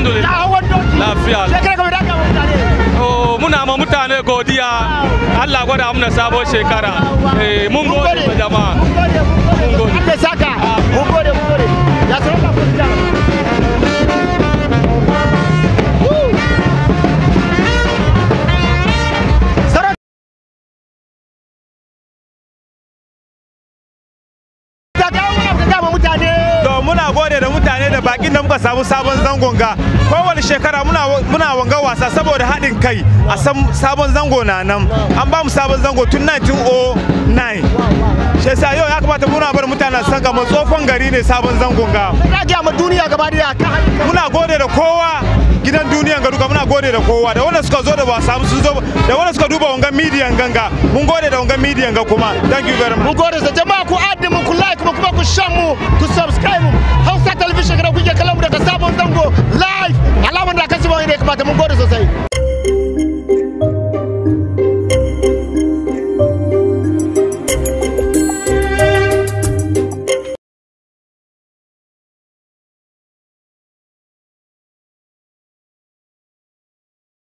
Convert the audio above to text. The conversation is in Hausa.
alhamdulillah oh, muna ma mutane godiya Allah gwada muna sabon shekara eh, mun gode jama'a gode da mutane da bakin da muka samu sabon zangon ga kowane shekara muna wanga wasa saboda haɗin kai a sabon zango na nan an ba mu sabon zango tun 1909 shi yau ya kamata muna bar mutane san ga tsofon gari ne sabon zangon ga duniya gaba da muna gode da kowa gidan duniyan ga duka muna gode da kowa da wanda suka zo da ba samu sun zo da wanda suka duba wangan midiyan ganga mun gode da wangan midiyan ga kuma thank you very much mun gode da jama'a ku addimu ba ta mun gode